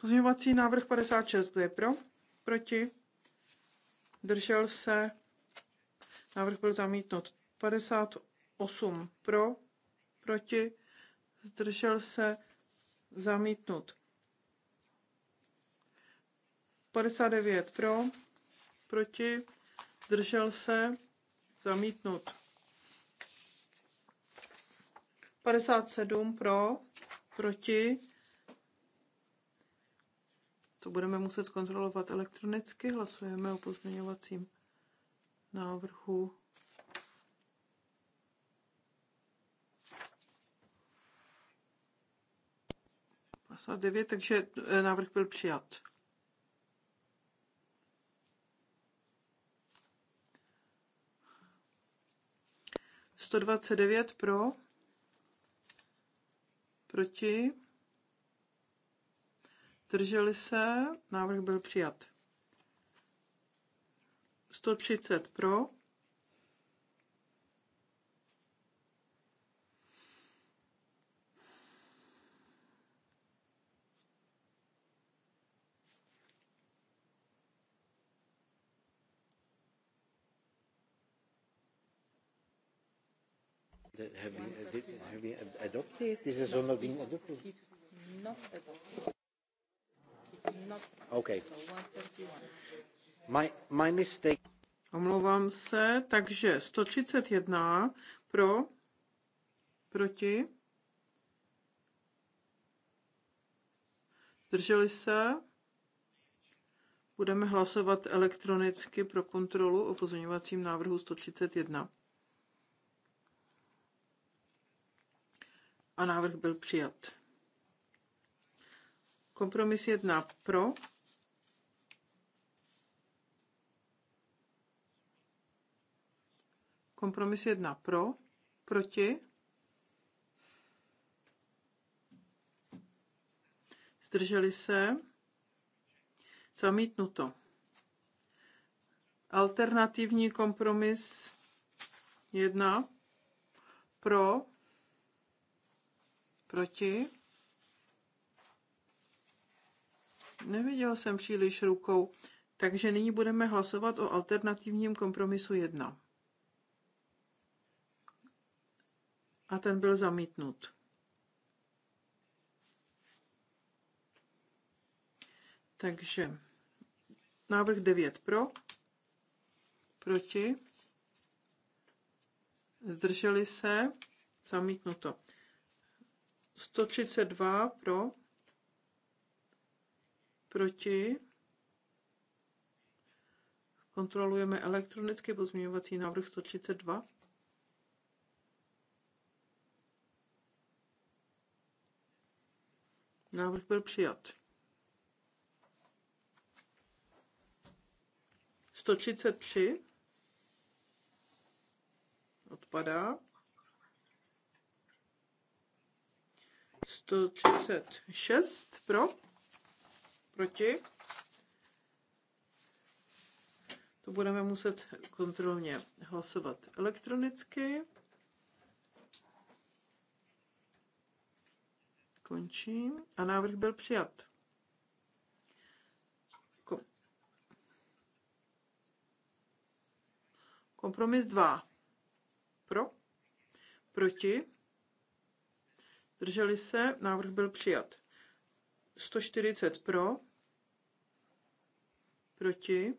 Pozměňovací návrh 56, kdo je pro? Proti? Držel se? Návrh byl zamítnut. 58 pro? Proti? Zdržel se? Zamítnut. 59 pro? Proti? Zdržel se? Zamítnut. 57 pro, proti. To budeme muset zkontrolovat elektronicky. Hlasujeme o pozměňovacím návrhu. devět, takže e, návrh byl přijat. Sto dvacet devět pro proti, drželi se, návrh byl přijat. 130 pro, adopted. This has okay. My, my Omlouvám se, takže 131 pro, proti, drželi se, budeme hlasovat elektronicky pro kontrolu o pozměňovacím návrhu 131. a návrh byl přijat. Kompromis 1 pro. Kompromis 1 pro, proti. Zdrželi se. Zamítnuto. Alternativní kompromis 1 pro, Proti? Neviděl jsem příliš rukou, takže nyní budeme hlasovat o alternativním kompromisu 1. A ten byl zamítnut. Takže návrh 9 pro, proti, zdrželi se, zamítnuto. 132 pro, proti. Kontrolujeme elektronicky pozměňovací návrh 132. Návrh byl přijat. 133 odpadá. 136 pro, proti. To budeme muset kontrolně hlasovat elektronicky. Končím. A návrh byl přijat. Kompromis 2. Pro? Proti? zdrželi se, návrh byl přijat. 140 pro, proti,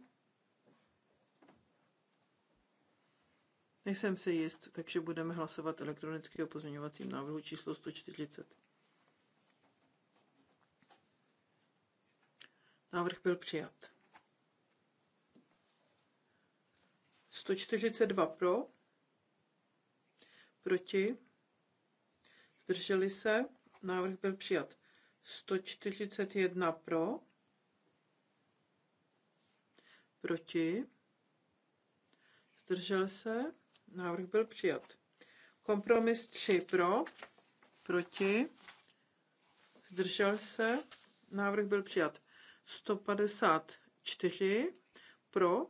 Nejsem si jist, takže budeme hlasovat elektronicky o pozměňovacím návrhu číslo 140. Návrh byl přijat. 142 pro, proti, zdrželi se, návrh byl přijat. 141 pro, proti, zdržel se, návrh byl přijat. Kompromis 3 pro, proti, zdržel se, návrh byl přijat. 154 pro,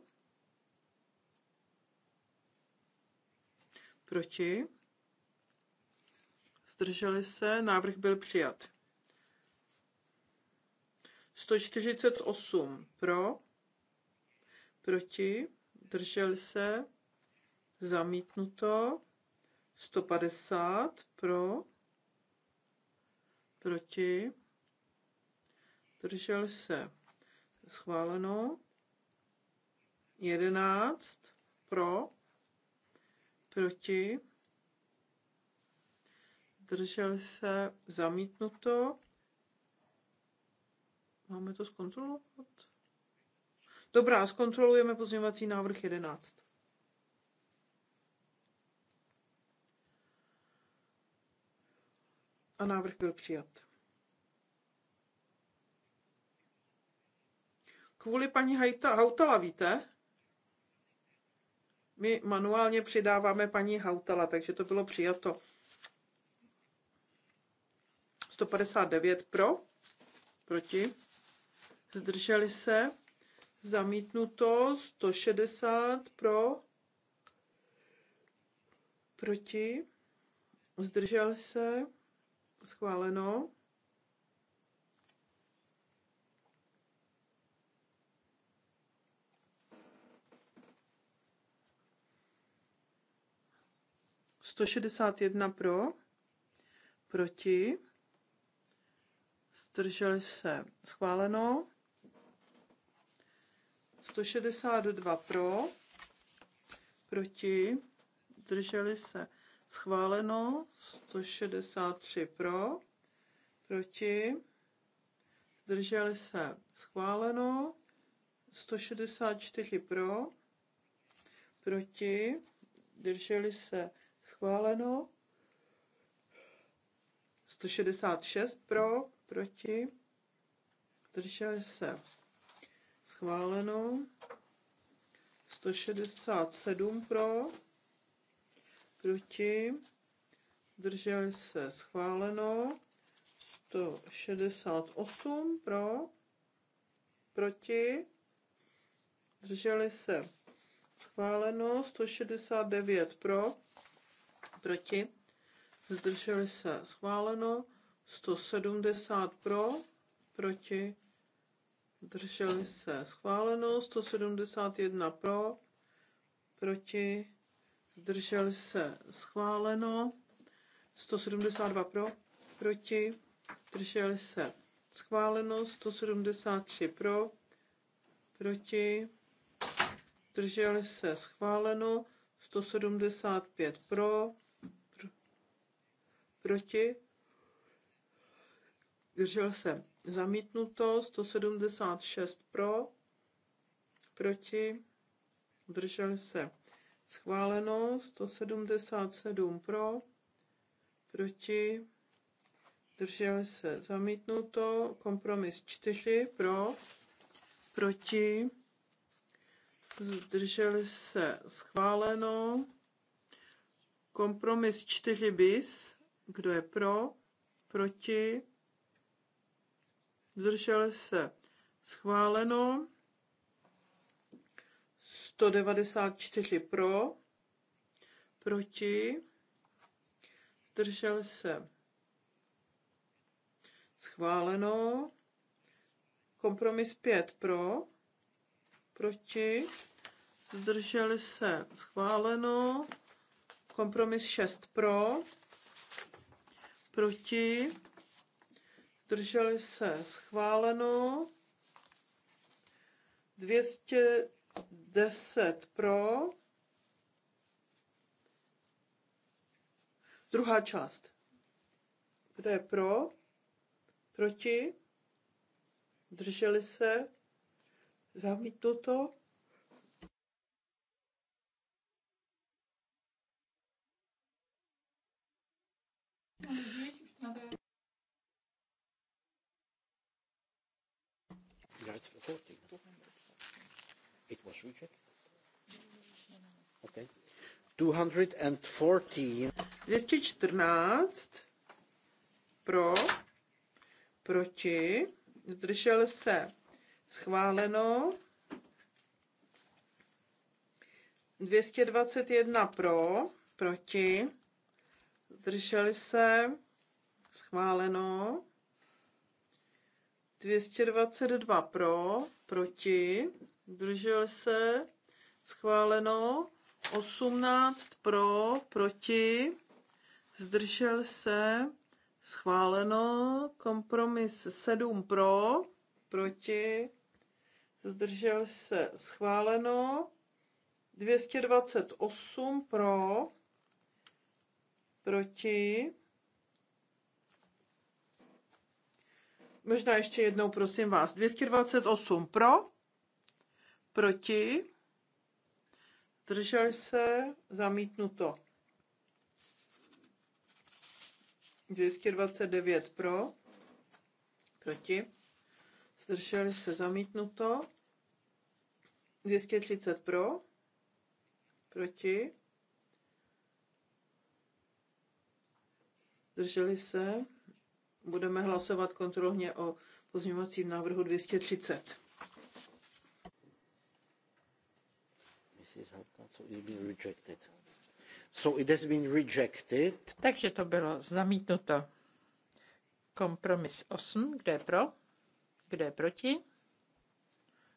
proti, zdrželi se, návrh byl přijat. 148 pro, proti, zdrželi se, zamítnuto, 150 pro, proti, drželi se, schváleno, 11 pro, proti, zdržel se, zamítnuto. Máme to zkontrolovat? Dobrá, zkontrolujeme pozměňovací návrh 11. A návrh byl přijat. Kvůli paní Hajta, Hautala, víte? My manuálně přidáváme paní Hautala, takže to bylo přijato. 159 pro, proti, zdrželi se, zamítnuto, 160 pro, proti, zdržel se, schváleno. Sto šedesát jedna pro, proti zdrželi se schváleno. 162 pro, proti, zdrželi se schváleno. 163 pro, proti, zdrželi se schváleno. 164 pro, proti, drželi se schváleno, 166 pro, proti, zdrželi se schváleno, 167 pro, proti, zdrželi se schváleno, 168 pro, proti, zdrželi se schváleno, 169 pro, proti, zdrželi se schváleno, 170 pro, proti, drželi se schváleno, 171 pro, proti, drželi se schváleno, 172 pro, proti, drželi se schváleno, 173 pro, proti, drželi se schváleno, 175 pro, pr proti, Držel se zamítnuto, 176 pro, proti, držel se schváleno, 177 pro, proti, držel se zamítnuto, kompromis 4 pro, proti, zdrželi se schváleno, kompromis 4 bis, kdo je pro, proti, zdržel se schváleno, 194 pro, proti, zdržel se schváleno, kompromis 5 pro, proti, zdrželi se schváleno, kompromis 6 pro, proti, zdrželi se schváleno, 210 pro, druhá část, kde je pro, proti, drželi se, zamítnuto, Should we check? Okay. 214. 214 pro, proti, zdržel se schváleno, 221 pro, proti, zdržel se, schváleno, 222 pro, proti, zdržel se, schváleno. 18 pro, proti, zdržel se, schváleno. Kompromis 7 pro, proti, zdržel se, schváleno. 228 pro, proti. Možná ještě jednou, prosím vás. 228 pro, proti, zdrželi se, zamítnuto. 229 pro, proti, zdrželi se, zamítnuto. 230 pro, proti, zdrželi se. Budeme hlasovat kontrolně o pozměňovacím návrhu 230. Takže to bylo zamítnuto. Kompromis 8, kdo je pro, kdo je proti,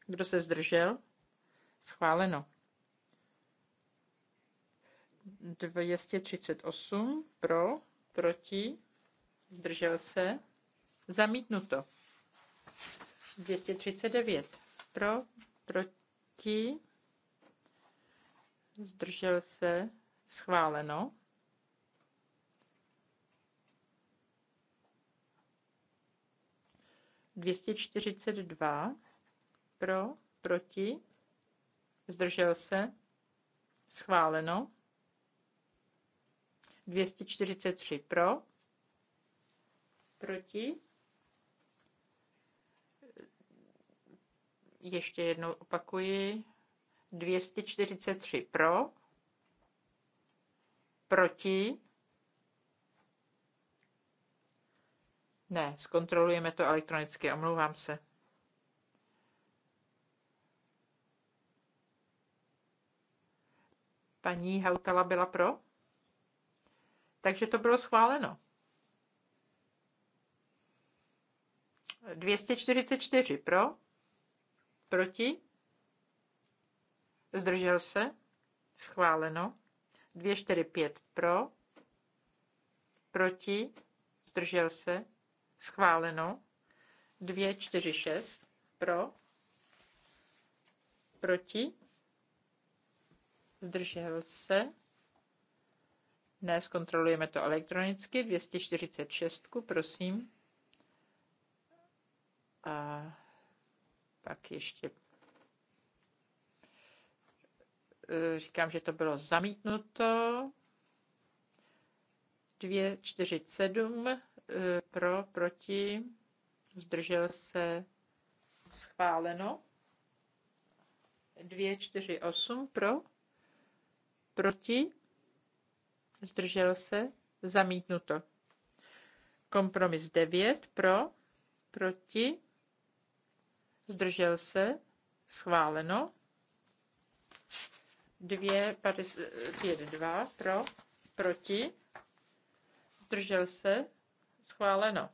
kdo se zdržel, schváleno. 238 pro, proti, zdržel se, zamítnuto. 239 pro, proti, zdržel se, schváleno. Dvěstě čtyřicet dva pro, proti, zdržel se, schváleno. 243 pro, proti. Ještě jednou opakuji, 243 pro, proti, ne, zkontrolujeme to elektronicky, omlouvám se. Paní Hautala byla pro? Takže to bylo schváleno. 244 pro, proti, zdržel se, schváleno. 245 pro, proti, zdržel se, schváleno. 246 pro, proti, zdržel se, ne, zkontrolujeme to elektronicky, 246, prosím. A pak ještě Eh, říkám, že to bylo zamítnuto. 247 eh, pro, proti, zdržel se, schváleno. 248 pro, proti, zdržel se, zamítnuto. Kompromis 9 pro, proti, zdržel se, schváleno. 252 pro, proti, zdržel se, schváleno.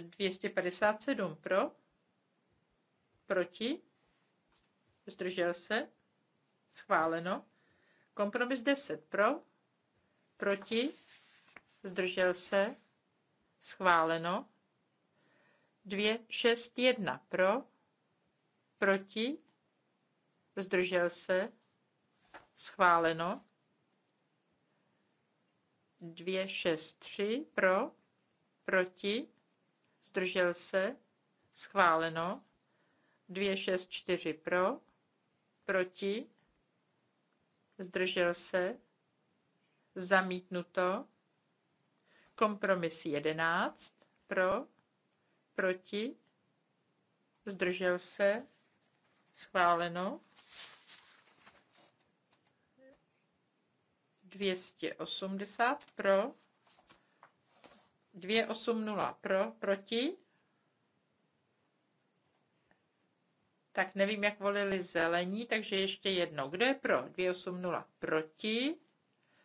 Dvěstě padesát sedm pro, proti, zdržel se, schváleno. Kompromis deset pro, proti, zdržel se, schváleno. 2, 6, 1 pro, proti, zdržel se, schváleno. 2, 6, 3 pro, proti, zdržel se, schváleno. 2, 6, 4 pro, proti, zdržel se, zamítnuto. Kompromis 11 pro, proti, zdržel se, schváleno. 280 pro, 280 pro, proti. Tak nevím, jak volili zelení, takže ještě jedno. Kdo je pro? 280 proti,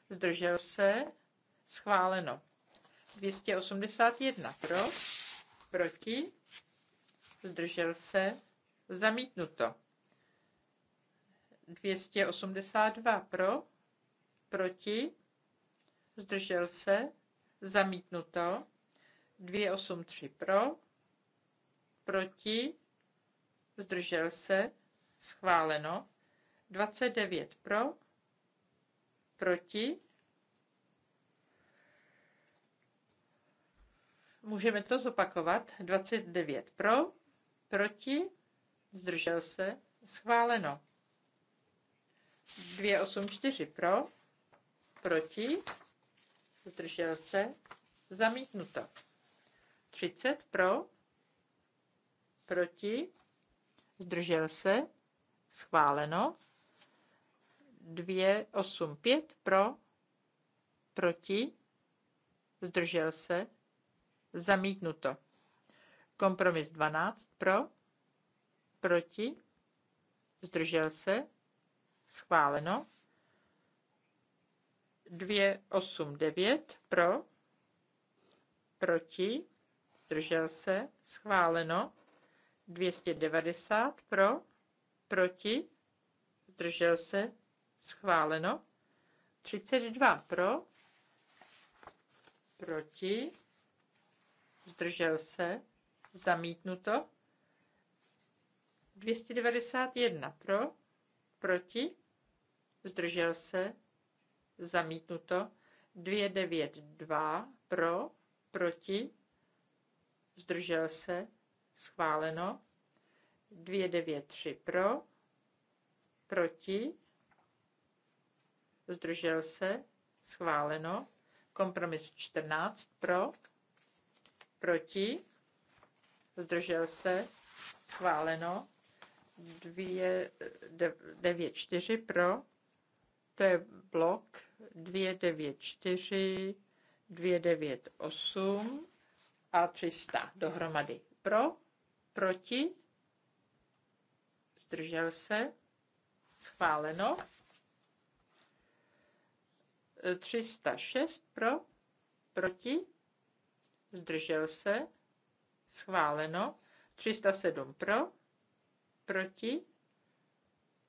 zdržel se, schváleno. 281 pro, proti, zdržel se, zamítnuto. 282 pro, proti, zdržel se, zamítnuto. 283 pro, proti, zdržel se, schváleno. 29 pro, proti, Můžeme to zopakovat. 29 pro, proti, zdržel se, schváleno. 284 pro, proti, zdržel se, zamítnuto. 30 pro, proti, zdržel se, schváleno. 285 pro, proti, zdržel se, Zamítnuto. Kompromis 12 pro, proti, zdržel se, schváleno. 289 pro, proti, zdržel se, schváleno. 290 pro, proti, zdržel se, schváleno. 32 pro, proti, zdržel se, zamítnuto. 291 pro, proti, zdržel se, zamítnuto. 292 pro, proti, zdržel se, schváleno. 293 pro, proti, zdržel se, schváleno. Kompromis 14 pro, proti, zdržel se, schváleno, 294 pro, to je blok 294, 298 a 300 dohromady. Pro, proti, zdržel se, schváleno. 306 pro, proti, zdržel se, schváleno. 307 pro, proti,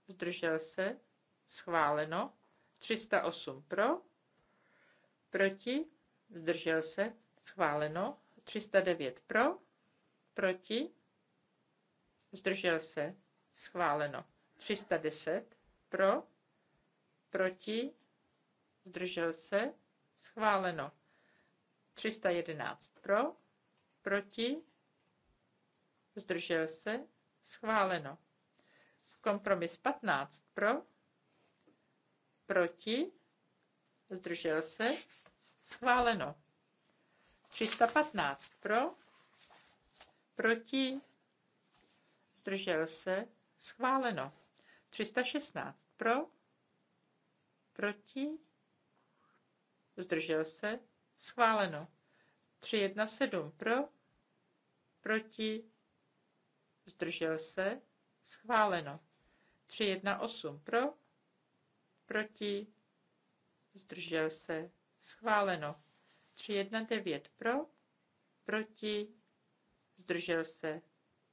zdržel se, schváleno. 308 pro, proti, zdržel se, schváleno. 309 pro, proti, zdržel se, schváleno. 310 pro, proti, zdržel se, schváleno. 311 pro, proti, zdržel se, schváleno. Kompromis 15 pro, proti, zdržel se, schváleno. 315 pro, proti, zdržel se, schváleno. 316 pro, proti, zdržel se, Schváleno. 317 pro, proti, zdržel se, schváleno. 318 pro, proti, zdržel se, schváleno. 319 pro, proti, zdržel se,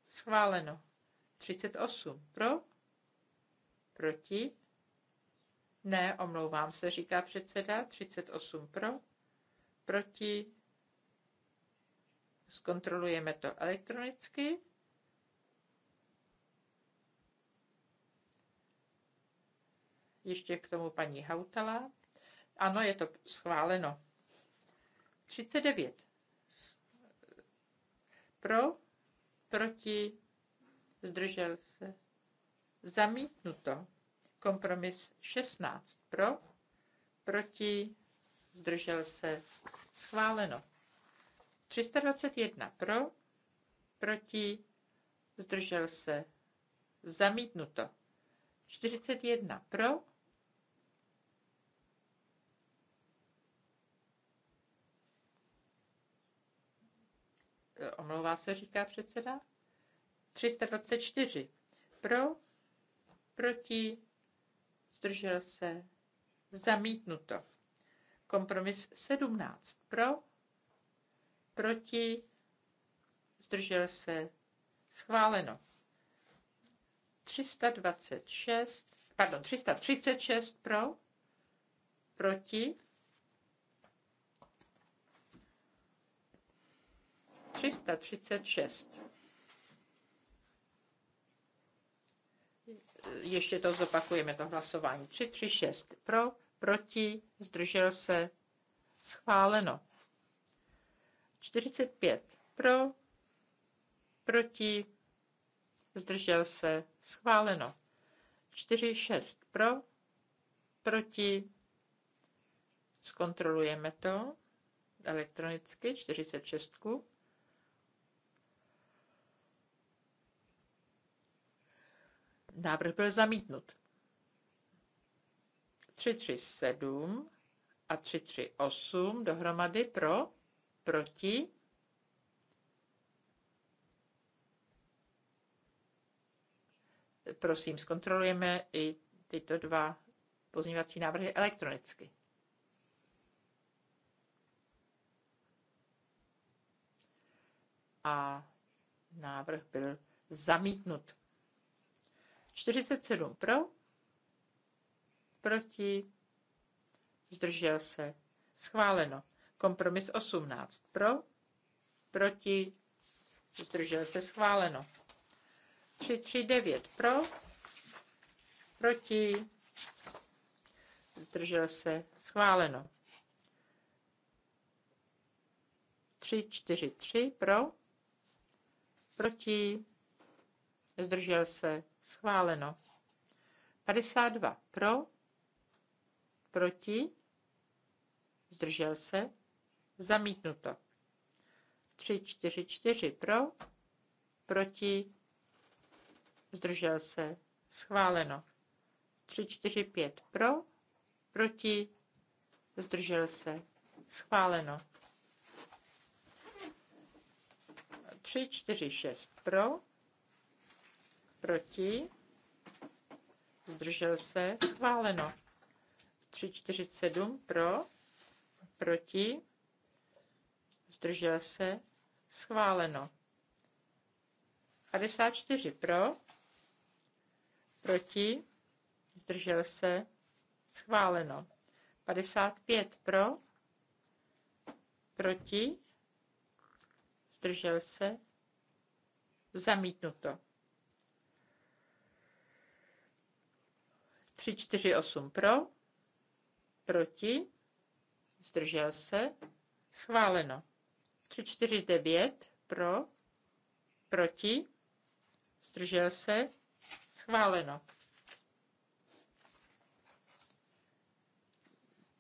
schváleno. 38 pro, proti, ne, omlouvám se, říká předseda, 38 pro, proti, zkontrolujeme to elektronicky. Ještě k tomu paní Hautala. Ano, je to schváleno. 39. Pro, proti, zdržel se. Zamítnuto. Kompromis 16. Pro, proti, zdržel se, schváleno. 321 pro, proti, zdržel se, zamítnuto. 41 pro, omlouvá se, říká předseda. 324 pro, proti, zdržel se, zamítnuto. Kompromis 17 pro, proti, zdržel se, schváleno. 326, pardon, 336 pro, proti, 336. Ještě to zopakujeme, to hlasování. 336 pro, proti, zdržel se, schváleno. 45 pro, proti, zdržel se, schváleno. 4,6 pro, proti, zkontrolujeme to elektronicky, 46. Návrh byl zamítnut. 337 a 338 dohromady pro, proti. Prosím, zkontrolujeme i tyto dva pozměňovací návrhy elektronicky. A návrh byl zamítnut. 47 pro, proti, zdržel se, schváleno. Kompromis 18 pro, proti, zdržel se, schváleno. 339 pro, proti, zdržel se, schváleno. 343 pro, proti, zdržel se, schváleno. 52 pro, proti, zdržel se, zamítnuto. 3, 4, 4 pro, proti, zdržel se, schváleno. 3, 4, 5 pro, proti, zdržel se, schváleno. 3, 4, 6 pro, proti, zdržel se, schváleno. 347 pro, proti, zdržel se, schváleno. 54 pro, proti, zdržel se, schváleno. 55 pro, proti, zdržel se, zamítnuto. 348 pro, proti, zdržel se, schváleno. 349 pro, proti, zdržel se, schváleno.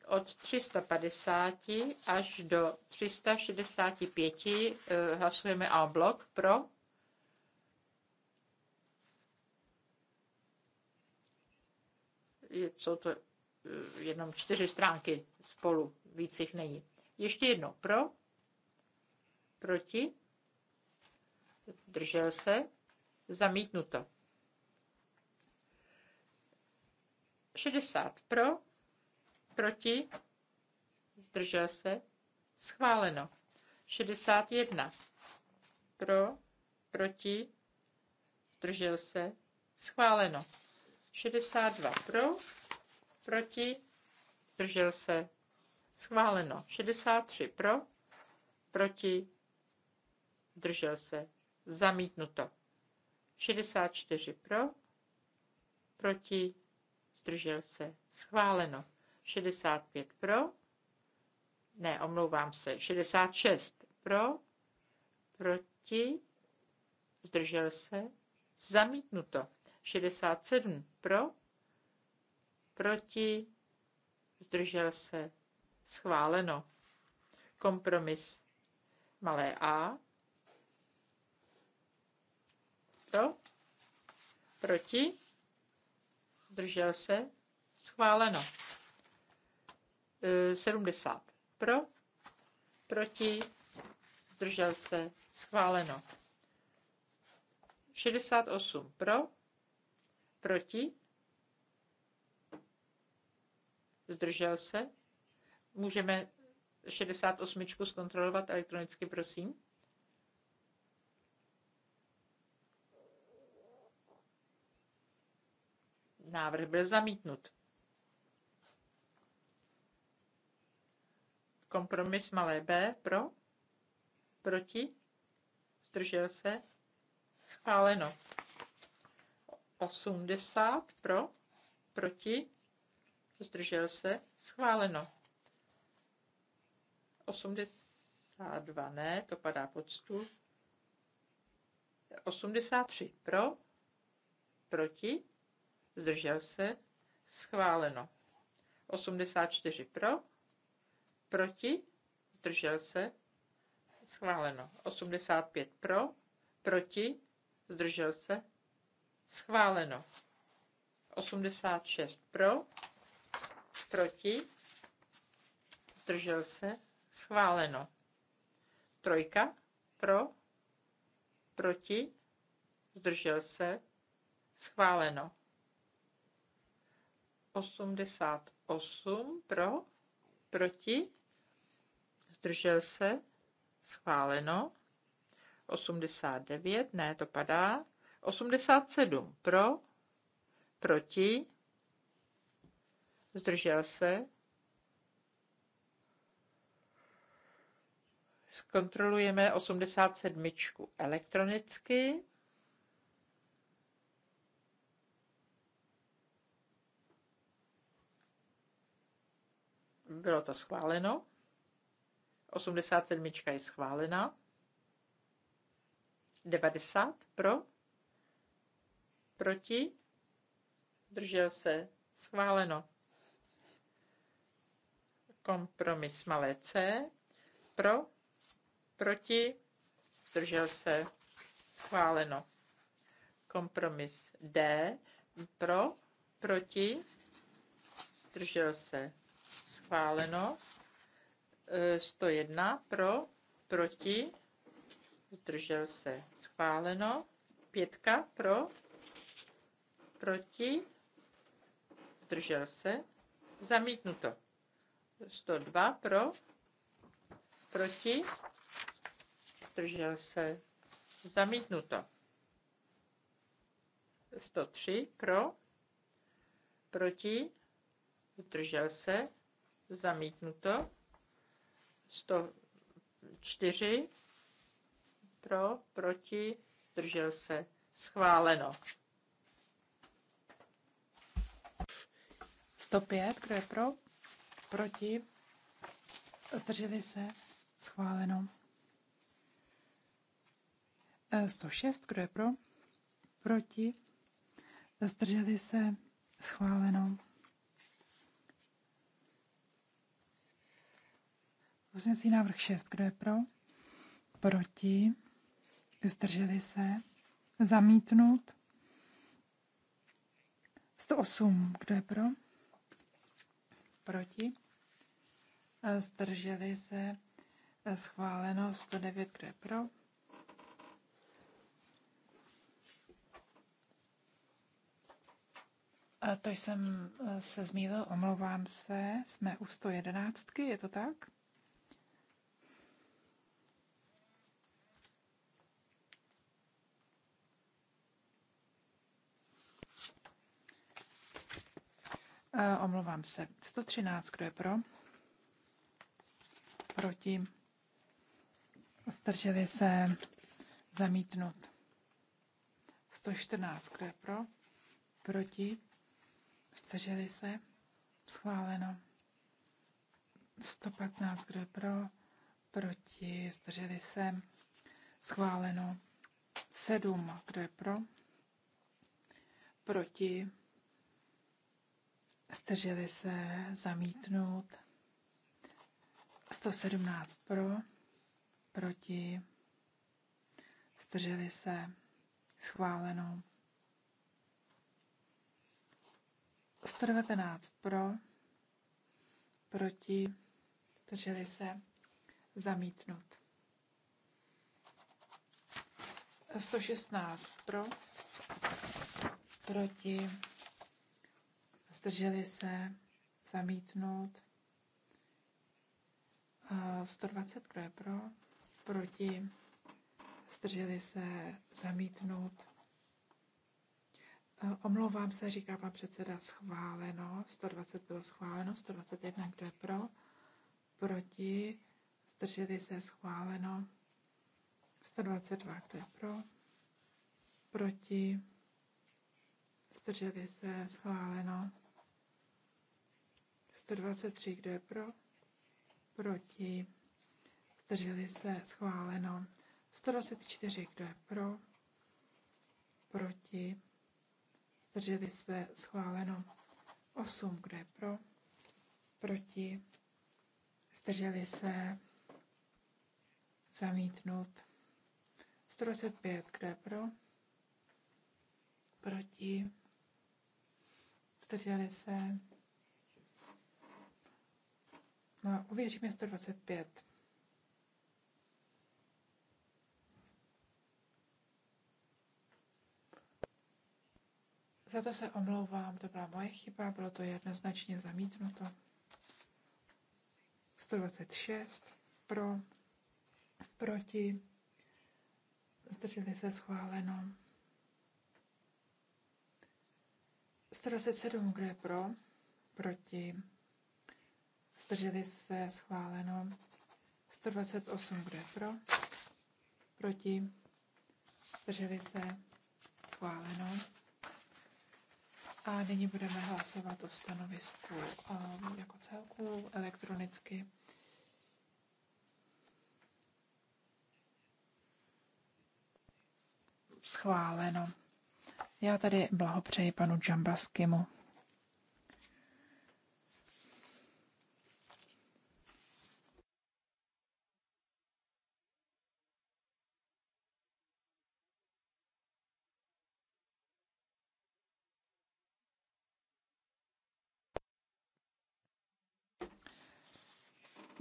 Od 350 až do 365 eh, hlasujeme A blok pro, jsou to Eh, jenom čtyři stránky spolu, víc jich není. Ještě jedno pro, proti, držel se, zamítnuto. 60 pro, proti, zdržel se, schváleno. 61 pro, proti, zdržel se, schváleno. 62 pro, proti, zdržel se, schváleno. 63 pro, proti, zdržel se, zamítnuto. 64 pro, proti, zdržel se, schváleno. 65 pro, ne, omlouvám se, 66 pro, proti, zdržel se, zamítnuto. 67 pro, proti, zdržel se, schváleno. Kompromis malé a, pro, proti, zdržel se, schváleno. 70 e, pro, proti, zdržel se, schváleno. 68 pro, proti, zdržel se. Můžeme 68 zkontrolovat elektronicky, prosím. Návrh byl zamítnut. Kompromis malé b pro, proti, zdržel se, schváleno. 80 pro, proti, zdržel se, schváleno. 82 ne, to padá pod stůl. 83 pro, proti, zdržel se, schváleno. 84 pro, proti, zdržel se, schváleno. 85 pro, proti, zdržel se, schváleno. 86 pro, proti, zdržel se, schváleno. Trojka, pro, proti, zdržel se, schváleno. 88 pro, proti, zdržel se, schváleno. 89, ne, to padá. 87 pro, proti, zdržel se. Zkontrolujeme 87 elektronicky. Bylo to schváleno. 87 je schválena. 90 pro, proti, držel se, schváleno. Kompromis malé c. Pro, proti, zdržel se, schváleno. Kompromis D. Pro, proti, zdržel se, schváleno. 101 e, pro, proti, zdržel se, schváleno. Pětka pro, proti, zdržel se, zamítnuto. 102 pro, proti, zdržel se, zamítnuto. 103 pro, proti, zdržel se, zamítnuto. 104 pro, proti, zdržel se, schváleno. 105, kdo je pro? proti, zdrželi se, schváleno. 106, e, kdo je pro, proti, zdrželi se, schváleno. Pozměcí návrh 6, kdo je pro, proti, zdrželi se, zamítnut. 108, kdo je pro, proti, e, zdrželi se, e, schváleno 109, kdo je pro, e, To jsem se zmílil, omlouvám se, jsme u 111, je to tak? Uh, omlouvám se. 113, kdo je pro? Proti? Zdrželi se zamítnut. 114, kdo je pro? Proti? Zdrželi se? Schváleno. 115, kdo je pro? Proti? Zdrželi se? Schváleno. 7, kdo je pro? Proti? Zdrželi se zamítnout. 117 pro, proti, zdrželi se schváleno. 119 pro, proti, zdrželi se zamítnout. 116 pro, proti, zdrželi se, zamítnout. 120, kdo je pro, proti, zdrželi se, zamítnout. E, omlouvám se, říká pan předseda, schváleno, 120 bylo schváleno, 121, kdo je pro, proti, zdrželi se, schváleno, 122, kdo je pro, proti, zdrželi se, schváleno, 123, kdo je pro? Proti. Zdrželi se, schváleno. 124, kdo je pro? Proti. Zdrželi se, schváleno. 8, kdo je pro? Proti. Zdrželi se, zamítnut. 125, kdo je pro? Proti. Zdrželi se, No, uvěříme 125. Za to se omlouvám, to byla moje chyba, bylo to jednoznačně zamítnuto. 126 pro, proti, zdrželi se schváleno. 127, kde je pro, proti, zdrželi se schváleno. 128 bude pro, proti, zdrželi se schváleno. A nyní budeme hlasovat o stanovisku um, jako celku elektronicky. Schváleno. Já tady blahopřeji panu Džambaskimu.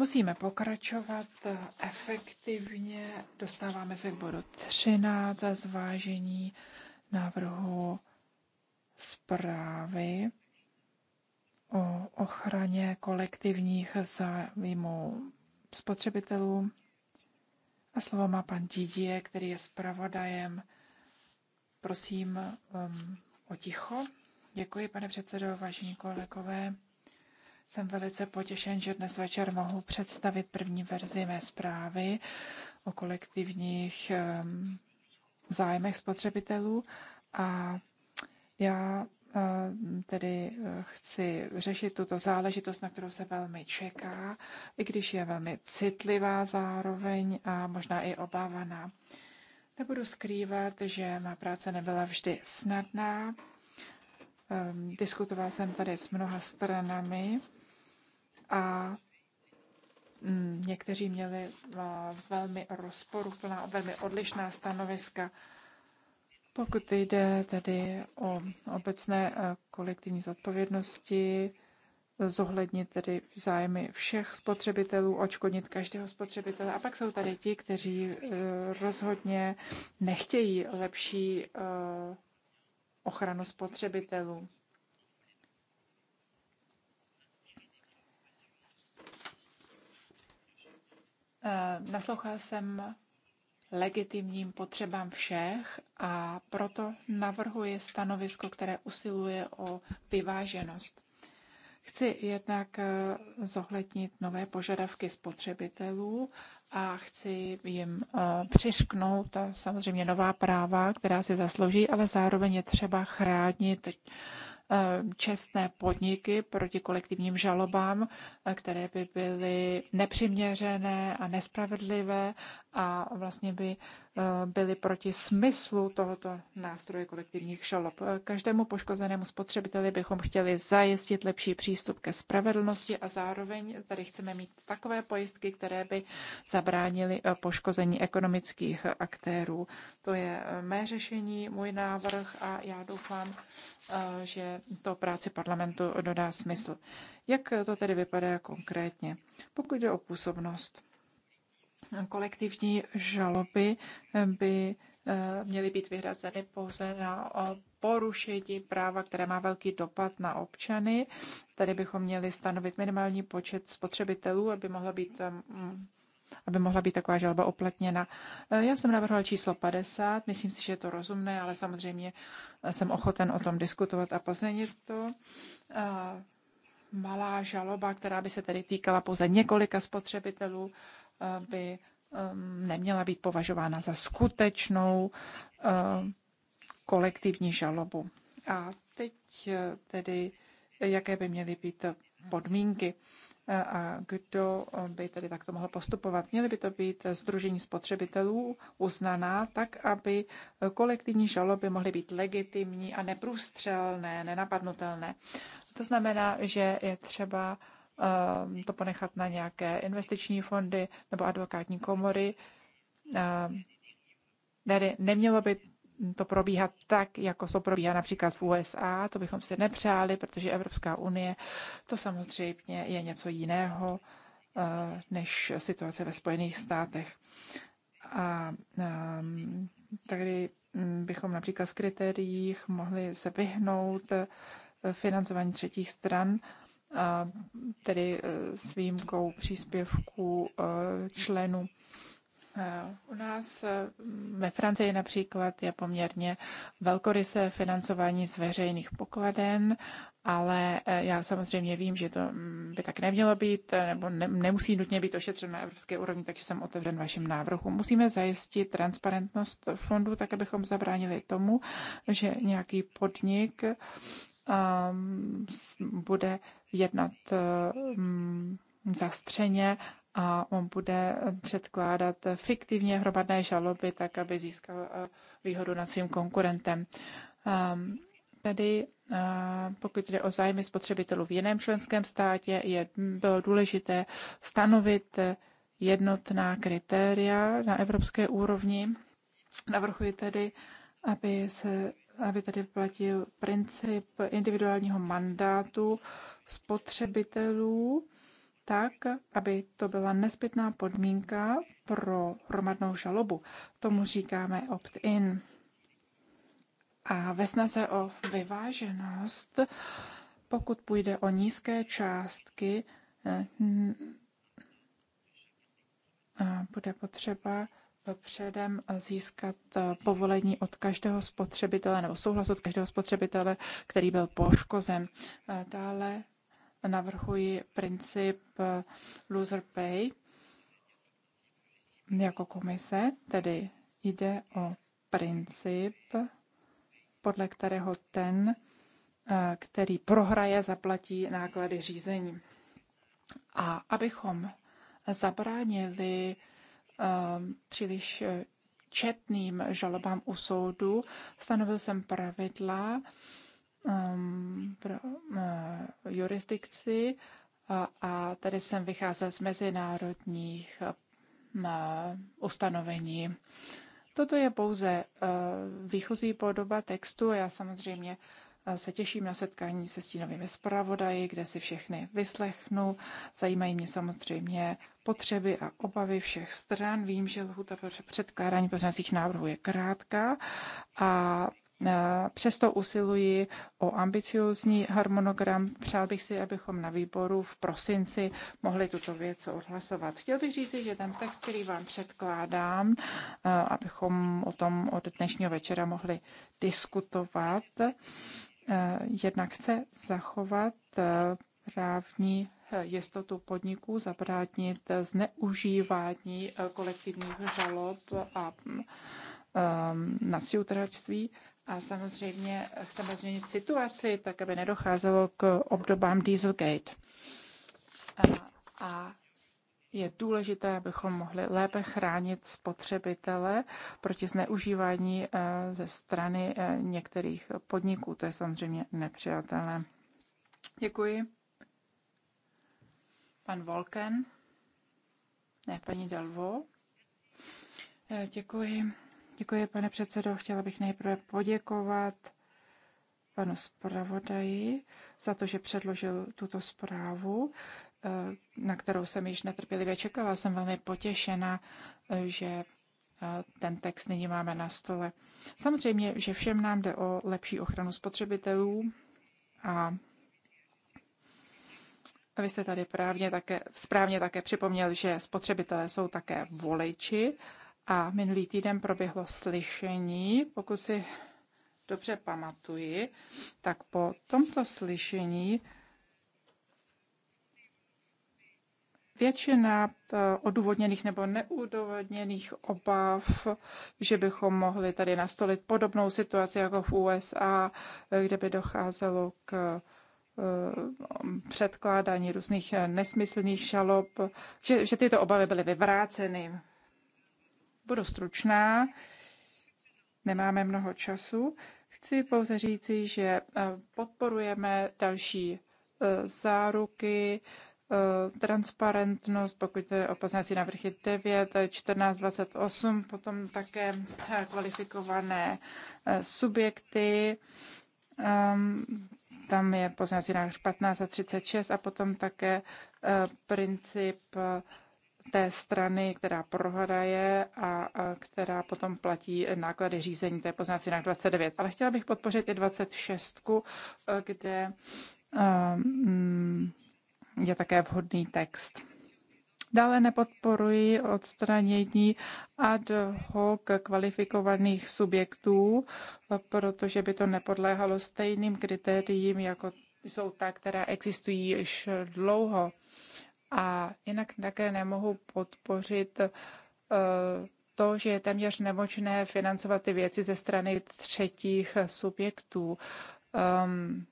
Musíme pokračovat efektivně. Dostáváme se k bodu 13 za zvážení návrhu zprávy o ochraně kolektivních zájmů spotřebitelů. A slovo má pan Didier, který je zpravodajem. Prosím um, o ticho. Děkuji, pane předsedo, vážení kolegové. Jsem velice potěšen, že dnes večer mohu představit první verzi mé zprávy o kolektivních ehm, zájmech spotřebitelů a já ehm, tedy eh, chci řešit tuto záležitost, na kterou se velmi čeká, i když je velmi citlivá zároveň a možná i obávaná. Nebudu skrývat, že má práce nebyla vždy snadná. Ehm, diskutoval jsem tady s mnoha stranami a mm, někteří měli velmi rozporuplná, velmi odlišná stanoviska. Pokud jde tedy o obecné kolektivní zodpovědnosti, zohlednit tedy zájmy všech spotřebitelů, očkodnit každého spotřebitele. A pak jsou tady ti, kteří e, rozhodně nechtějí lepší e, ochranu spotřebitelů. Eh, naslouchal jsem legitimním potřebám všech a proto navrhuje stanovisko, které usiluje o vyváženost. Chci jednak eh, zohlednit nové požadavky spotřebitelů a chci jim eh, přišknout samozřejmě nová práva, která si zaslouží, ale zároveň je třeba chránit Eh, čestné podniky proti kolektivním žalobám, eh, které by byly nepřiměřené a nespravedlivé a vlastně by eh, byly proti smyslu tohoto nástroje kolektivních šalop. Eh, každému poškozenému spotřebiteli bychom chtěli zajistit lepší přístup ke spravedlnosti a zároveň tady chceme mít takové pojistky, které by zabránily eh, poškození ekonomických aktérů. To je mé řešení, můj návrh a já doufám, že to práci parlamentu dodá smysl. Jak to tedy vypadá konkrétně? Pokud jde o působnost, kolektivní žaloby by eh, měly být vyhrazeny pouze na eh, porušení práva, které má velký dopad na občany. Tady bychom měli stanovit minimální počet spotřebitelů, aby mohla být eh, aby mohla být taková žalba oplatněna. Já jsem navrhla číslo 50, myslím si, že je to rozumné, ale samozřejmě jsem ochoten o tom diskutovat a pozměnit to. Malá žaloba, která by se tedy týkala pouze několika spotřebitelů, by um, neměla být považována za skutečnou um, kolektivní žalobu. A teď eh, tedy, jaké by měly být podmínky eh, a kdo eh, by tedy takto mohl postupovat. Měly by to být Združení spotřebitelů uznaná tak, aby kolektivní žaloby mohly být legitimní a neprůstřelné, nenapadnutelné. To znamená, že je třeba Ehm, to ponechat na nějaké investiční fondy nebo advokátní komory. Ehm, tedy nemělo by to probíhat tak, jako to probíhá například v USA, to bychom si nepřáli, protože Evropská unie to samozřejmě je něco jiného eh, než situace ve Spojených státech. A ehm, tady hm, bychom například v kritériích mohli se vyhnout eh, financování třetích stran tedy e, s výjimkou příspěvků e, členů. E, u nás ve Francii například je poměrně velkorysé financování z veřejných pokladen, ale já samozřejmě vím, že to mm, by tak nemělo být, nebo ne, nemusí nutně být ošetřeno na evropské úrovni, takže jsem otevřen vašim návrhu. Musíme zajistit transparentnost fondu, tak abychom zabránili tomu, že nějaký podnik Ehm, bude jednat ehm, zastřeně a on bude předkládat fiktivně hromadné žaloby, tak aby získal eh, výhodu nad svým konkurentem. Ehm, tedy eh, pokud jde o zájmy spotřebitelů v jiném členském státě, je, bylo důležité stanovit jednotná kritéria na evropské úrovni. Navrhuji tedy, aby se aby tady platil princip individuálního mandátu spotřebitelů, tak, aby to byla nezbytná podmínka pro hromadnou žalobu. Tomu říkáme opt-in. A ve snaze o vyváženost, pokud půjde o nízké částky, eh, bude potřeba předem získat eh, povolení od každého spotřebitele nebo souhlas od každého spotřebitele, který byl poškozen. Eh, dále navrhuji princip eh, loser pay jako komise, tedy jde o princip, podle kterého ten, který prohraje, zaplatí náklady řízení. A abychom zabránili Um, příliš eh, četným žalobám u soudu. Stanovil jsem pravidla um, pro eh, jurisdikci a tady jsem vycházel z mezinárodních eh, ustanovení. Toto je pouze výchozí podoba textu. Já samozřejmě se těším na setkání se stínovými zpravodaji, kde si všechny vyslechnu. Zajímají mě samozřejmě potřeby a obavy všech stran. Vím, že lhuta pro předkládání poznacích návrhů je krátká a e, Přesto usiluji o ambiciozní harmonogram. Přál bych si, abychom na výboru v prosinci mohli tuto věc odhlasovat. Chtěl bych říci, že ten text, který vám předkládám, e, abychom o tom od dnešního večera mohli diskutovat, e, jednak chce zachovat právní jistotu podniků, zabránit zneužívání eh, kolektivních žalob a mm, ehm, nasjutračství. A samozřejmě chceme změnit situaci, tak aby nedocházelo k obdobám Dieselgate. A, a je důležité, abychom mohli lépe chránit spotřebitele proti zneužívání eh, ze strany eh, některých podniků. To je samozřejmě nepřijatelné. Děkuji. Pan Volken? Ne, paní Dalvo. Děkuji. Děkuji, pane předsedo. Chtěla bych nejprve poděkovat panu zpravodaji za to, že předložil tuto zprávu, eh, na kterou jsem již netrpělivě čekala. Jsem velmi potěšena, eh, že eh, ten text nyní máme na stole. Samozřejmě, že všem nám jde o lepší ochranu spotřebitelů a vy jste tady právně také, správně také připomněl, že spotřebitelé jsou také voliči a minulý týden proběhlo slyšení, pokud si dobře pamatuji, tak po tomto slyšení většina eh, odůvodněných nebo neudůvodněných obav, že bychom mohli tady nastolit podobnou situaci jako v USA, eh, kde by docházelo k Eh, předkládání různých eh, nesmyslných šalob, že, že tyto obavy byly vyvráceny. Budu stručná, nemáme mnoho času. Chci pouze říci, že eh, podporujeme další záruky, transparentnost, pokud je o poznací návrhy 9, 14, 28, potom také kvalifikované subjekty, Um, tam je poznací návrh 15 a 36 a potom také uh, princip eh, té strany, která prohraje a, a eh, která potom platí náklady řízení, to je poznací návrh 29. Ale chtěla bych podpořit i 26, kde um, je také vhodný text. Dále nepodporuji odstranění ad hoc kvalifikovaných subjektů, protože by to nepodléhalo stejným kritériím, jako jsou ta, která existují již dlouho. A jinak také nemohu podpořit eh, to, že je téměř nemožné financovat ty věci ze strany třetích subjektů. Um,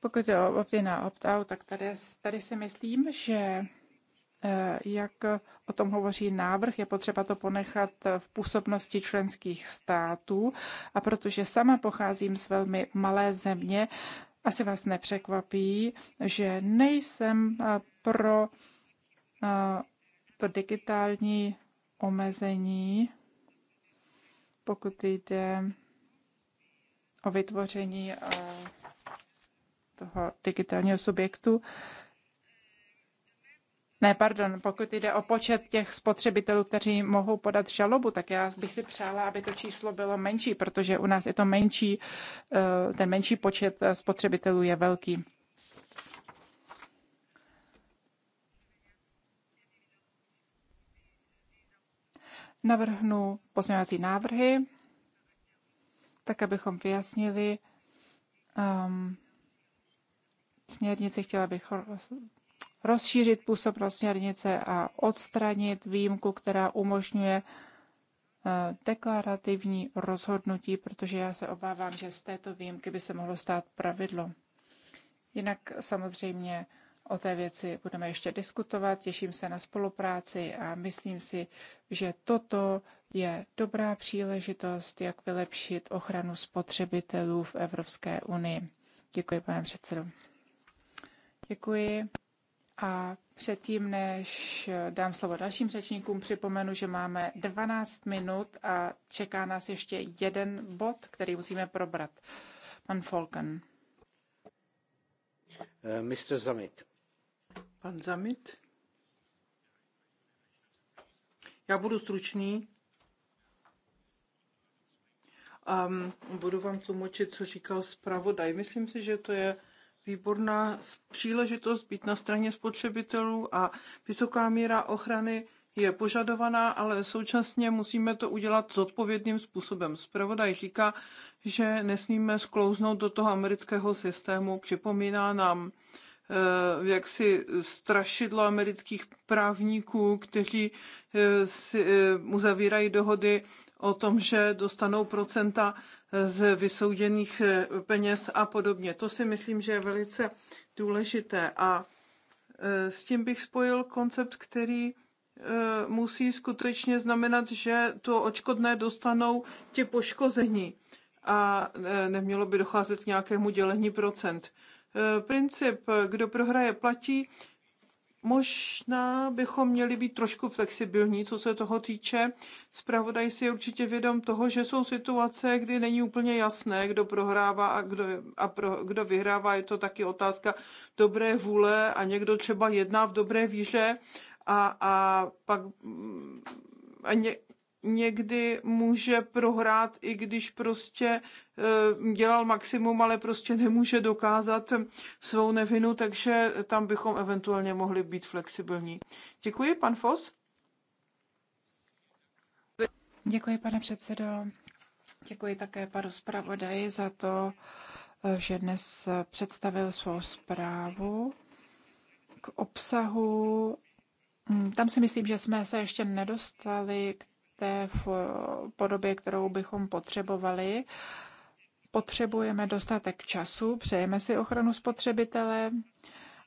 pokud je opět na opt-out, tak tady, tady si myslím, že Eh, jak o tom hovoří návrh, je potřeba to ponechat v působnosti členských států. A protože sama pocházím z velmi malé země, asi vás nepřekvapí, že nejsem eh, pro eh, to digitální omezení, pokud jde o vytvoření toho digitálního subjektu. Ne, pardon, pokud jde o počet těch spotřebitelů, kteří mohou podat žalobu, tak já bych si přála, aby to číslo bylo menší, protože u nás je to menší, eh, ten menší počet eh, spotřebitelů je velký. Navrhnu pozměňovací návrhy, tak abychom vyjasnili um, směrnici, chtěla bych rozšířit působnost směrnice a odstranit výjimku, která umožňuje eh, deklarativní rozhodnutí, protože já se obávám, že z této výjimky by se mohlo stát pravidlo. Jinak samozřejmě o té věci budeme ještě diskutovat, těším se na spolupráci a myslím si, že toto je dobrá příležitost, jak vylepšit ochranu spotřebitelů v Evropské unii. Děkuji, pane předsedo. Děkuji. A předtím, než dám slovo dalším řečníkům, připomenu, že máme 12 minut a čeká nás ještě jeden bod, který musíme probrat. Pan Falken. Eh, Mr. Zamit. Pan Zamit. Já budu stručný. Um, budu vám tlumočit, co říkal zpravodaj. Myslím si, že to je výborná příležitost být na straně spotřebitelů a vysoká míra ochrany je požadovaná, ale současně musíme to udělat zodpovědným způsobem. Zpravodaj říká, že nesmíme sklouznout do toho amerického systému. Připomíná nám eh, jaksi strašidlo amerických právníků, kteří eh, si eh, uzavírají dohody o tom, že dostanou procenta z vysouděných eh, peněz a podobně. To si myslím, že je velice důležité. A eh, s tím bych spojil koncept, který eh, musí skutečně znamenat, že to očkodné dostanou ti poškození a nemělo by docházet k nějakému dělení procent. Princip, kdo prohraje, platí, Možná bychom měli být trošku flexibilní, co se toho týče. Spravodaj si je určitě vědom toho, že jsou situace, kdy není úplně jasné, kdo prohrává a kdo, a pro, kdo vyhrává. Je to taky otázka dobré vůle a někdo třeba jedná v dobré víře a, a pak mm, a ně, někdy může prohrát, i když prostě eh, dělal maximum, ale prostě nemůže dokázat svou nevinu, takže tam bychom eventuálně mohli být flexibilní. Děkuji, pan Fos. Děkuji, pane předsedo. Děkuji také panu zpravodaji za to, eh, že dnes eh, představil svou zprávu k obsahu. Mm, tam si myslím, že jsme se ještě nedostali k té podobě, kterou bychom potřebovali. Potřebujeme dostatek času, přejeme si ochranu spotřebitele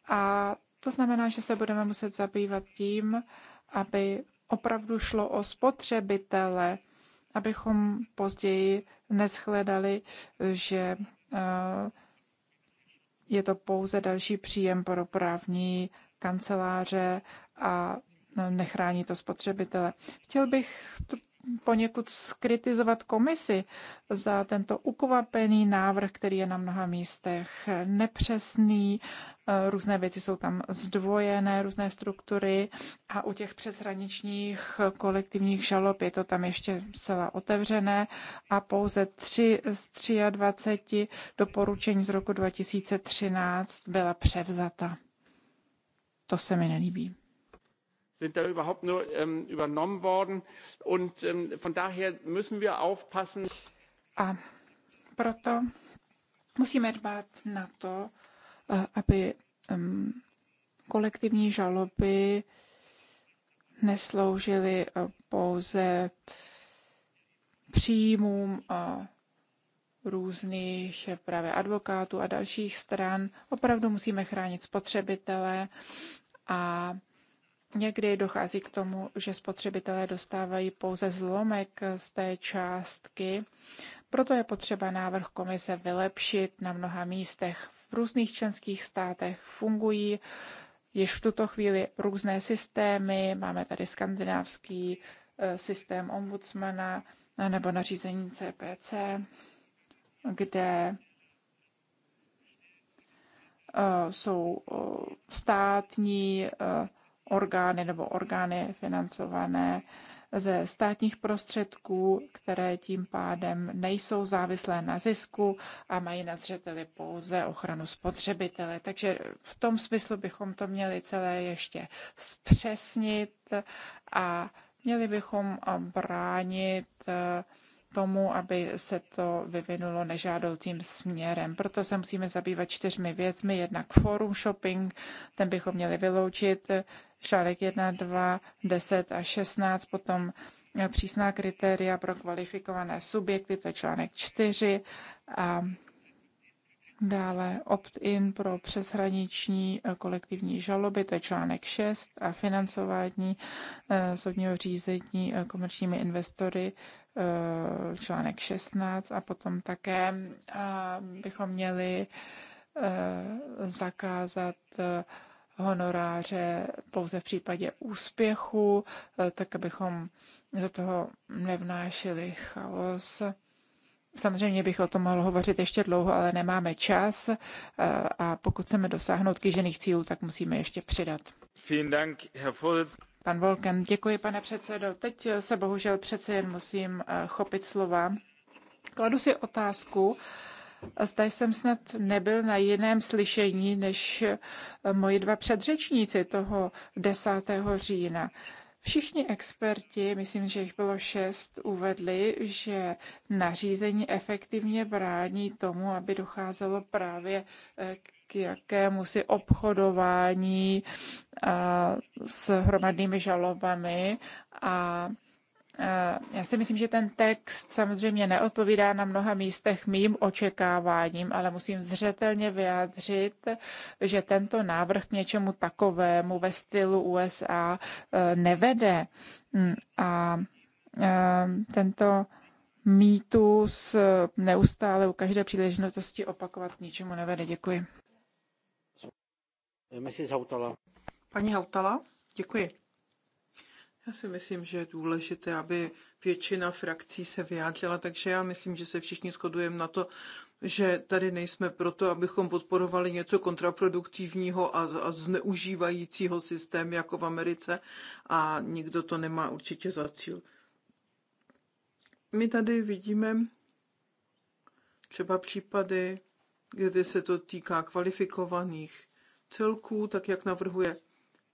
a to znamená, že se budeme muset zabývat tím, aby opravdu šlo o spotřebitele, abychom později neschledali, že eh, je to pouze další příjem pro právní kanceláře a nechrání to spotřebitele. Chtěl bych poněkud skritizovat komisi za tento ukvapený návrh, který je na mnoha místech nepřesný. Eh, různé věci jsou tam zdvojené, různé struktury a u těch přeshraničních kolektivních žalob je to tam ještě celá otevřené a pouze 3 z 23 doporučení z roku 2013 byla převzata. To se mi nelíbí sind da überhaupt nur ähm, übernommen worden. Und ähm, von daher müssen wir aufpassen. A proto musíme dbát na to, aby um, kolektivní žaloby nesloužily e, pouze příjmům různých e, právě advokátů a dalších stran. Opravdu musíme chránit spotřebitele a Někdy dochází k tomu, že spotřebitelé dostávají pouze zlomek z té částky, proto je potřeba návrh komise vylepšit na mnoha místech. V různých členských státech fungují již v tuto chvíli různé systémy. Máme tady skandinávský eh, systém ombudsmana nebo nařízení CPC, kde eh, jsou eh, státní orgány nebo orgány financované ze státních prostředků, které tím pádem nejsou závislé na zisku a mají na zřeteli pouze ochranu spotřebitele. Takže v tom smyslu bychom to měli celé ještě zpřesnit a měli bychom bránit eh, tomu, aby se to vyvinulo nežádoucím směrem. Proto se musíme zabývat čtyřmi věcmi. Jednak forum shopping, ten bychom měli vyloučit šálek 1, 2, 10 a 16, potom eh, přísná kritéria pro kvalifikované subjekty, to je článek 4 a dále opt-in pro přeshraniční eh, kolektivní žaloby, to je článek 6 a financování eh, soudního řízení komerčními investory, článek 16 a potom také bychom měli zakázat honoráře pouze v případě úspěchu, eh, tak abychom do toho nevnášeli chaos. Samozřejmě bych o tom mohl hovořit ještě dlouho, ale nemáme čas eh, a pokud chceme dosáhnout kýžených cílů, tak musíme ještě přidat. Pan Volken, děkuji, pane předsedo. Teď se bohužel přece jen musím eh, chopit slova. Kladu si otázku, Zda jsem snad nebyl na jiném slyšení než eh, moji dva předřečníci toho 10. října. Všichni experti, myslím, že jich bylo šest, uvedli, že nařízení efektivně brání tomu, aby docházelo právě eh, k jakému si obchodování eh, s hromadnými žalobami a Eh, já si myslím, že ten text samozřejmě neodpovídá na mnoha místech mým očekáváním, ale musím zřetelně vyjádřit, že tento návrh k něčemu takovému ve stylu USA eh, nevede. Mm, a eh, tento mýtus neustále u každé příležitosti opakovat k ničemu nevede. Děkuji. Paní Hautala, děkuji. Já si myslím, že je důležité, aby většina frakcí se vyjádřila, takže já myslím, že se všichni shodujeme na to, že tady nejsme proto, abychom podporovali něco kontraproduktivního a, a zneužívajícího systém jako v Americe a nikdo to nemá určitě za cíl. My tady vidíme třeba případy, kdy se to týká kvalifikovaných celků, tak jak navrhuje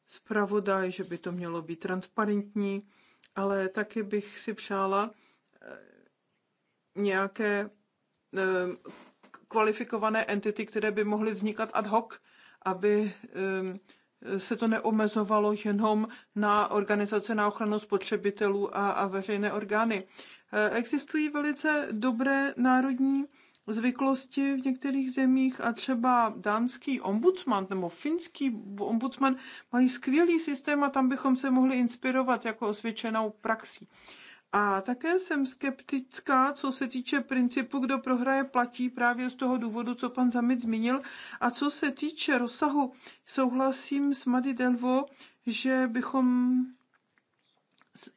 zpravodaj, že by to mělo být transparentní, ale taky bych si přála eh, nějaké eh, kvalifikované entity, které by mohly vznikat ad hoc, aby eh, se to neomezovalo jenom na organizace na ochranu spotřebitelů a, a veřejné orgány. Existují velice dobré národní zvyklosti v některých zemích a třeba dánský ombudsman nebo finský ombudsman mají skvělý systém a tam bychom se mohli inspirovat jako osvědčenou praxí. A také jsem skeptická, co se týče principu, kdo prohraje, platí právě z toho důvodu, co pan Zamit zmínil. A co se týče rozsahu, souhlasím s Madi Delvo, že bychom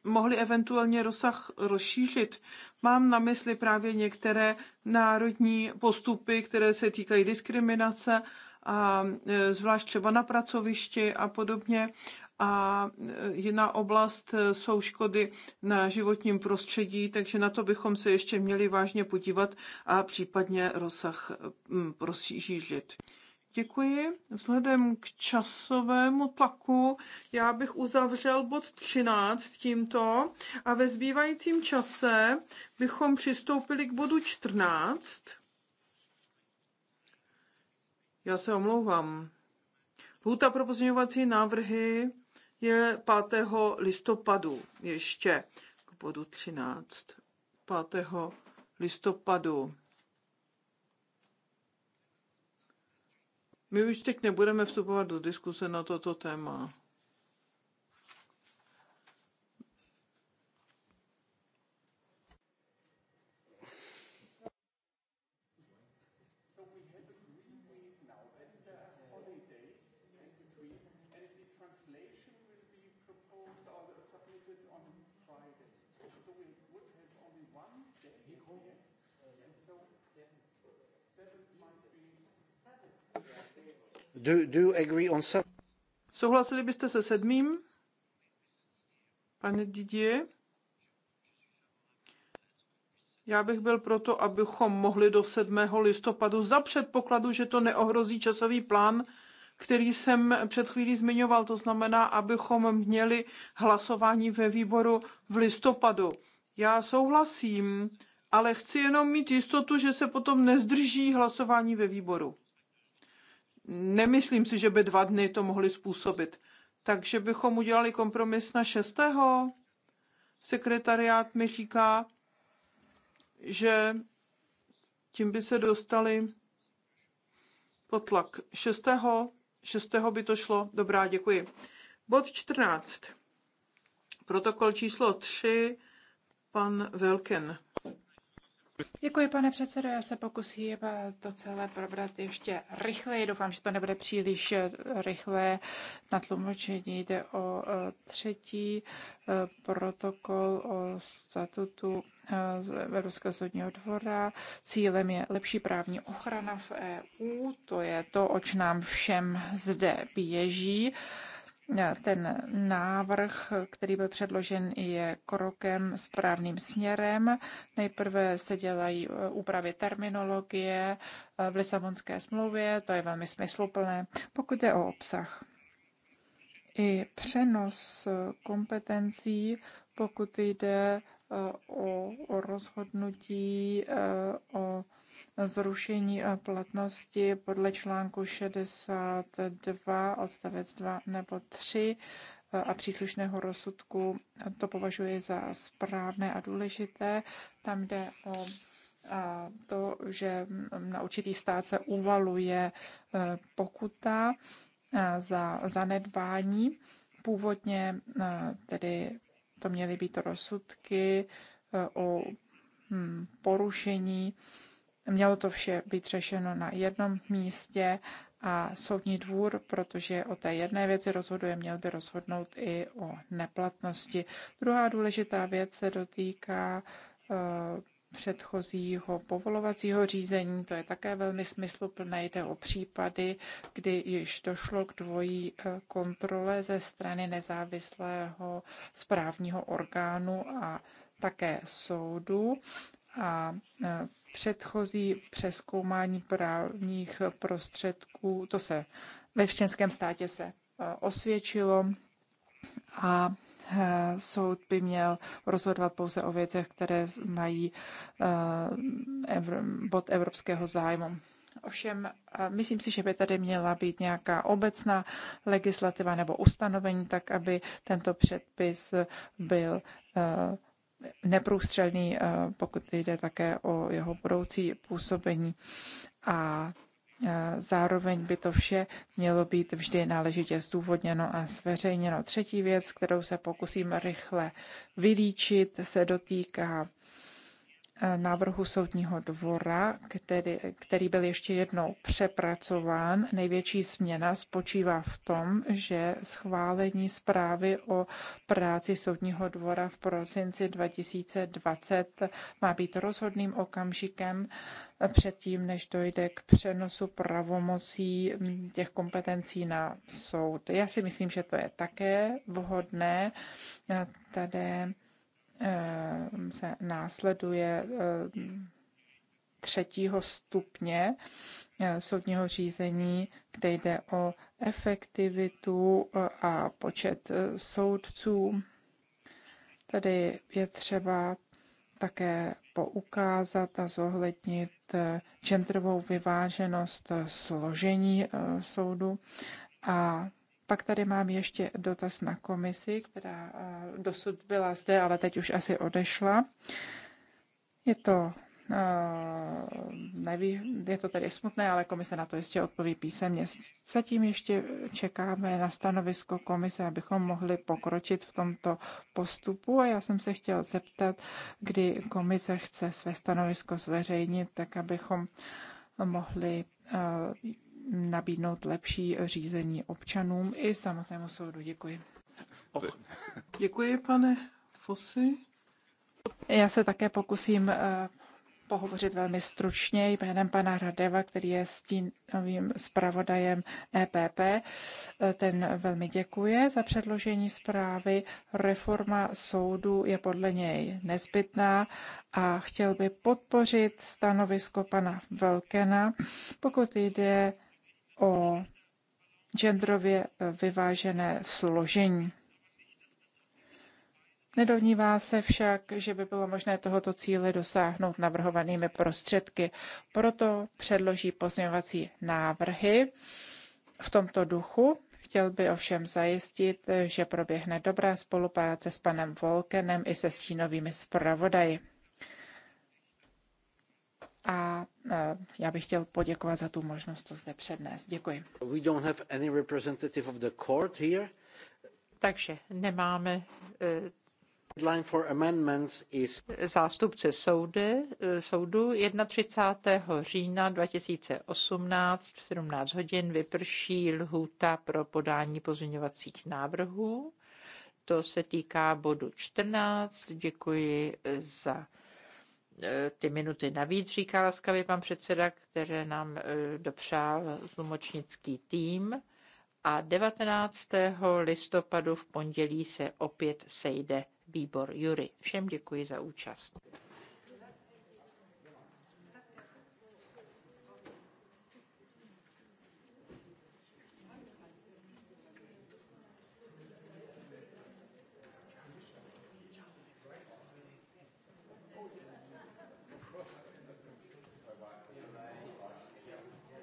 mohli eventuálně rozsah rozšířit. Mám na mysli právě některé národní postupy, které se týkají diskriminace, a e, zvlášť třeba na pracovišti a podobně. A e, jiná oblast e, jsou škody na životním prostředí, takže na to bychom se ještě měli vážně podívat a případně rozsah rozšířit. Děkuji. Vzhledem k časovému tlaku já bych uzavřel bod 13 tímto a ve zbývajícím čase bychom přistoupili k bodu 14. Já se omlouvám. Lhůta pro pozměňovací návrhy je 5. listopadu ještě k bodu 13. 5. listopadu. My už teď nebudeme vstupovat do diskuse na toto téma. Souhlasili byste se sedmým? Pane Didier? Já bych byl proto, abychom mohli do 7. listopadu za předpokladu, že to neohrozí časový plán, který jsem před chvílí zmiňoval. To znamená, abychom měli hlasování ve výboru v listopadu. Já souhlasím, ale chci jenom mít jistotu, že se potom nezdrží hlasování ve výboru. Nemyslím si, že by dva dny to mohly způsobit. Takže bychom udělali kompromis na 6. Sekretariát mi říká, že tím by se dostali pod tlak. 6. 6. by to šlo. Dobrá, děkuji. Bod 14. Protokol číslo 3. Pan Velken. Děkuji, pane předsedo. Já se pokusím to celé probrat ještě rychleji. Doufám, že to nebude příliš rychlé na tlumočení. Jde o e, třetí e, protokol o statutu e, Evropského soudního dvora. Cílem je lepší právní ochrana v EU. To je to, oč nám všem zde běží ten návrh, který byl předložen, je krokem správným směrem. Nejprve se dělají eh, úpravy terminologie eh, v Lisabonské smlouvě, to je velmi smysluplné, pokud je o obsah. I přenos eh, kompetencí, pokud jde o, o rozhodnutí o zrušení eh, platnosti podle článku 62 odstavec 2 nebo 3 eh, a příslušného rozsudku. To považuji za správné a důležité. Tam jde o eh, to, že mm, na určitý stát se uvaluje pokuta za zanedbání. Původně tedy to měly být rozsudky o hm, porušení Mělo to vše být řešeno na jednom místě a soudní dvůr, protože o té jedné věci rozhoduje, měl by rozhodnout i o neplatnosti. Druhá důležitá věc se dotýká eh, předchozího povolovacího řízení. To je také velmi smysluplné. Jde o případy, kdy již došlo k dvojí eh, kontrole ze strany nezávislého správního orgánu a také soudu. A eh, předchozí přeskoumání právních prostředků, to se ve všenském státě se eh, osvědčilo a eh, soud by měl rozhodovat pouze o věcech, které mají eh, bod evropského zájmu. Ovšem, myslím si, že by tady měla být nějaká obecná legislativa nebo ustanovení, tak aby tento předpis byl uh, neprůstřelný, eh, pokud jde také o jeho budoucí působení. A eh, Zároveň by to vše mělo být vždy náležitě zdůvodněno a zveřejněno. Třetí věc, kterou se pokusím rychle vylíčit, se dotýká návrhu soudního dvora, který, který byl ještě jednou přepracován. Největší změna spočívá v tom, že schválení zprávy o práci soudního dvora v prosinci 2020 má být rozhodným okamžikem předtím, než dojde k přenosu pravomocí těch kompetencí na soud. Já si myslím, že to je také vhodné. Tady Ehm, se následuje ehm, třetího stupně eh, soudního řízení, kde jde o efektivitu eh, a počet eh, soudců. Tady je třeba také poukázat a zohlednit genderovou vyváženost složení soudu a pak tady mám ještě dotaz na komisi, která eh, dosud byla zde, ale teď už asi odešla. Je to eh, neví, je to tedy smutné, ale komise na to ještě odpoví písemně. Zatím ještě čekáme na stanovisko komise, abychom mohli pokročit v tomto postupu a já jsem se chtěl zeptat, kdy komise chce své stanovisko zveřejnit, tak abychom mohli eh, nabídnout lepší řízení občanům i samotnému soudu. Děkuji. Oh. Děkuji, pane Fosy. Já se také pokusím eh, pohovořit velmi stručně jménem pana Radeva, který je stínovým zpravodajem EPP. Eh, ten velmi děkuje za předložení zprávy. Reforma soudu je podle něj nezbytná a chtěl by podpořit stanovisko pana Velkena, pokud jde o genderově e, vyvážené složení. nedovnívá se však, že by bylo možné tohoto cíle dosáhnout navrhovanými prostředky. Proto předloží pozměňovací návrhy v tomto duchu. Chtěl by ovšem zajistit, že proběhne dobrá spolupráce s panem Volkenem i se stínovými zpravodaji a e, já bych chtěl poděkovat za tu možnost to zde přednést. Děkuji. We don't have any representative of the court here. Takže nemáme e, Deadline for amendments is... Zástupce soudy, e, soudu 31. října 2018 v 17 hodin vyprší lhůta pro podání pozměňovacích návrhů. To se týká bodu 14. Děkuji za E, ty minuty navíc, říká laskavě pan předseda, které nám e, dopřál tlumočnický tým. A 19. listopadu v pondělí se opět sejde výbor Jury. Všem děkuji za účast.